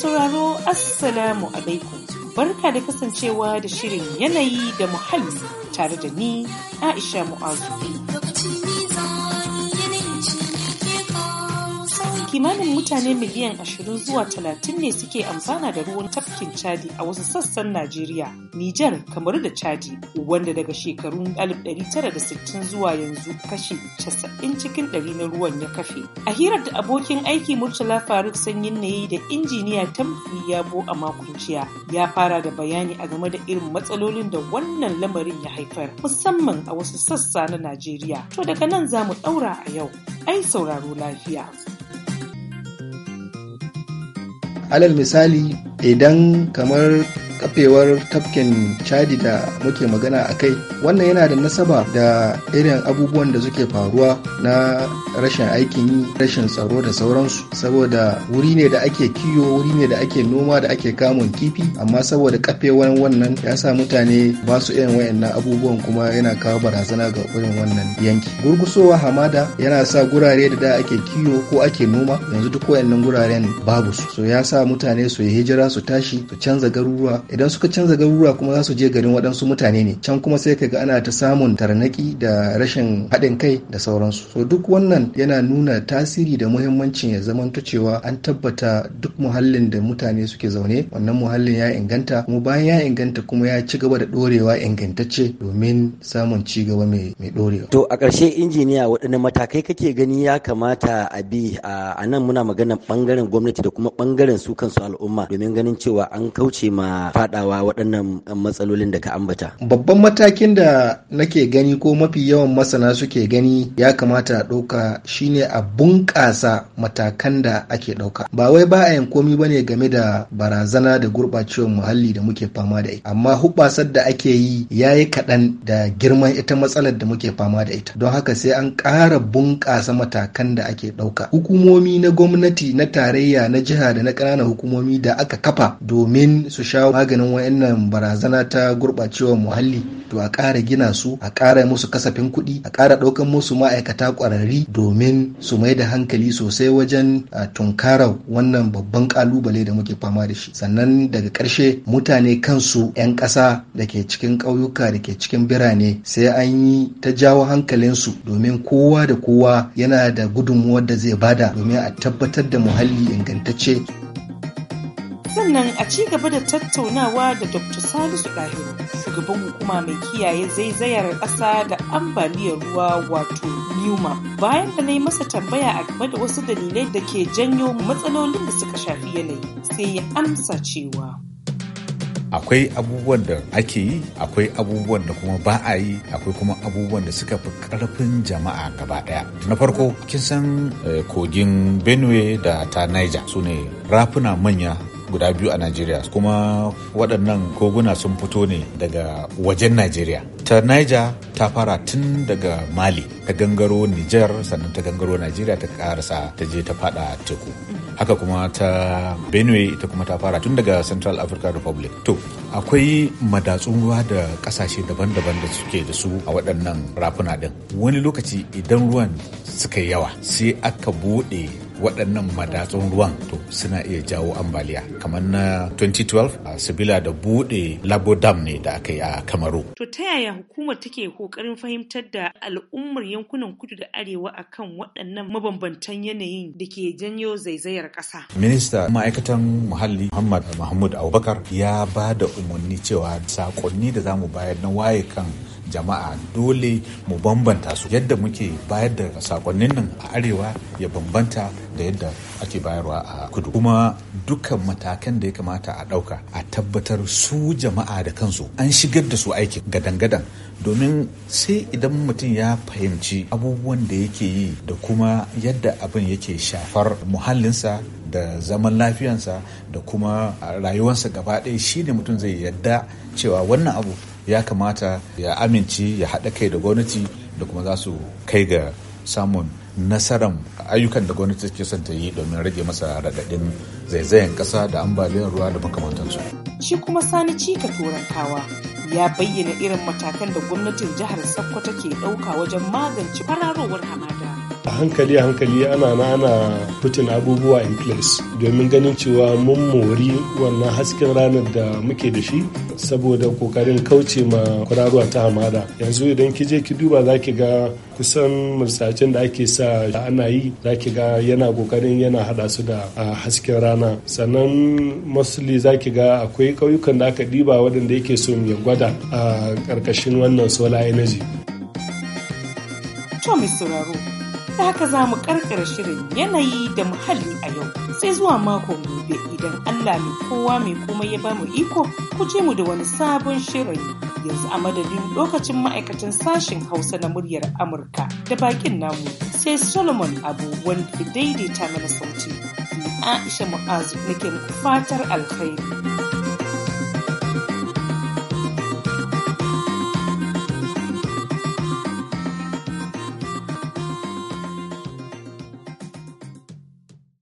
sauraro Assalamu alaikum. Barka da kasancewa da shirin yanayi da muhalli tare da ni Aisha Mu'azu. kimanin mutane miliyan 20 zuwa 30 ne suke amfana da ruwan tafkin chadi a wasu sassan najeriya nijar kamar da chadi wanda daga shekarun 1960 zuwa yanzu kashi 90 cikin 100 na ruwan ya kafe a hirar da abokin aiki murtala faruk sanyin na yi da injiniya tamfi bo a makon jiya ya fara da bayani a game da irin matsalolin da wannan lamarin ya haifar musamman a wasu sassa na najeriya to daga nan za mu ɗaura a yau ai sauraro lafiya alal misali idan kamar kafewar tafkin chadi da muke magana a kai wannan yana da nasaba da irin abubuwan da suke faruwa na rashin aikin yi rashin tsaro da sauransu saboda wuri ne da ake kiyo wuri ne da ake noma da ake kamun kifi amma saboda kafewar wannan ya sa mutane ba su irin wayannan abubuwan kuma yana kawo barazana ga irin wannan yanki gurgusowa hamada yana sa gurare da da ake kiyo ko ake noma yanzu duk wayannan guraren babu su so ya sa mutane su yi hijira su tashi su canza garuruwa idan suka canza garuruwa kuma za su je garin waɗansu mutane ne can kuma sai ka ga ana ta samun taranaki da rashin haɗin kai da sauransu so duk wannan yana nuna tasiri da muhimmancin ya zamanto cewa an tabbata duk muhallin da mutane suke zaune wannan muhallin ya inganta kuma bayan ya inganta kuma ya ci gaba da ɗorewa ingantacce domin samun ci gaba mai ɗorewa. to a ƙarshe injiniya waɗanne matakai kake gani ya kamata a bi a nan muna maganar ɓangaren gwamnati da kuma ɓangaren su kansu al'umma domin ganin cewa an kauce ma fadawa waɗannan eh, matsalolin da ka ambata? Babban matakin da nake gani ko mafi yawan masana suke gani ya kamata a ɗauka shine a bunƙasa matakan da ake ɗauka. Ba wai ba a yin komi ba ne game da barazana da gurɓacewar muhalli da muke fama da ita. Amma hubbasar da ake yi ya yi kaɗan da girman ita matsalar da muke fama da ita. Don haka sai an ƙara bunƙasa matakan da ake ɗauka. Hukumomi na gwamnati na tarayya na jiha da na ƙananan hukumomi da aka kafa domin su shawo maganin wayannan barazana ta gurɓacewa muhalli to a ƙara gina su a ƙara musu kasafin kuɗi a ƙara ɗaukan musu ma'aikata ƙwararri domin su mai da hankali sosai wajen tunkarar wannan babban ƙalubale da muke fama da shi sannan daga ƙarshe mutane kansu 'yan ƙasa da ke cikin ƙauyuka da ke cikin birane sai an yi ta jawo hankalinsu domin kowa da kowa yana da gudunmuwar da zai bada domin a tabbatar da muhalli ingantacce. sannan a ci gaba da tattaunawa da dr salisu Dahiru, shugaban hukuma mai kiyaye zaizayar ƙasa da ambaliyar ruwa wato newma bayan da na yi masa tambaya a game da wasu dalilai da ke janyo matsalolin da suka shafi yanayi sai ya amsa cewa akwai abubuwan da ake yi akwai abubuwan da kuma ba a yi akwai kuma abubuwan da suka fi karfin jama'a gaba ɗaya. na farko kin san eh, kogin benue da ta niger su ne rafuna manya guda biyu a Najeriya kuma waɗannan koguna sun fito ne daga wajen Najeriya. Ta Niger ta fara tun daga Mali ta gangaro Niger sannan ta gangaro Najeriya ta karasa ta je ta fada teku. Haka kuma ta Benue ita kuma ta fara tun daga Central African Republic. To akwai madatsun ruwa da ƙasashe daban-daban da suke da su a waɗannan rafuna ɗin. Wani lokaci idan ruwan suka yawa sai aka buɗe waɗannan madatsun ruwan to suna iya jawo ambaliya kamar na 2012 a sabila da buɗe labo dam ne da aka yi a kamaru to ta yaya hukumar take kokarin fahimtar da al'ummar yankunan kudu da arewa akan waɗannan mabambantan yanayin da ke janyo zaizayar ƙasa minista ma'aikatan muhalli muhammad mahmud abubakar ya ba da umarni cewa sakonni da za mu bayar na waye kan jama'a dole mu bambanta su yadda muke bayar da sakonnin nan a arewa ya bambanta da yadda ake bayarwa a kudu kuma dukkan matakan da ya kamata a ɗauka a tabbatar su jama'a da kansu an shigar da su aiki gadan-gadan domin sai idan mutum ya fahimci abubuwan da yake yi da kuma yadda abin yake shafar muhallinsa da zaman lafiyansa da kuma rayuwarsa gaba ɗaya shine mutum zai yadda cewa wannan abu ya kamata ya amince ya haɗa kai da gwamnati da kuma za su kai ga samun nasarar ayyukan da gwamnati ke son ta yi domin rage masa raɗaɗin zaizayen ƙasa da ambaliyar ruwa da makamantansu. Shi kuma sani cika turantawa ya bayyana irin matakan da gwamnatin jihar Sokoto ke ɗauka wajen magance fararowar hamada. a hankali a hankali ana na ana putin abubuwa in place domin ganin cewa mun mori wannan hasken ranar da muke da shi saboda kokarin kauce ma kuraruwa ta hamada yanzu idan ki je ki duba za ki ga kusan mursacin da ake sa ana yi za ki ga yana kokarin yana hada su da hasken rana sannan mostly za ki ga akwai ƙauyukan da aka ɗiba waɗanda yake son ya gwada a ƙarƙashin wannan solar energy. da haka za mu karkar shirin yanayi da muhalli a yau sai zuwa mako gobe idan Allah mai kowa mai komai ya bamu iko ku je mu da wani sabon shirin yanzu a madadin lokacin ma'aikatan sashen hausa na muryar amurka da bakin namu sai solomon abu wanda daidaita mana sauti aisha mu'azu nake fatar alkhairi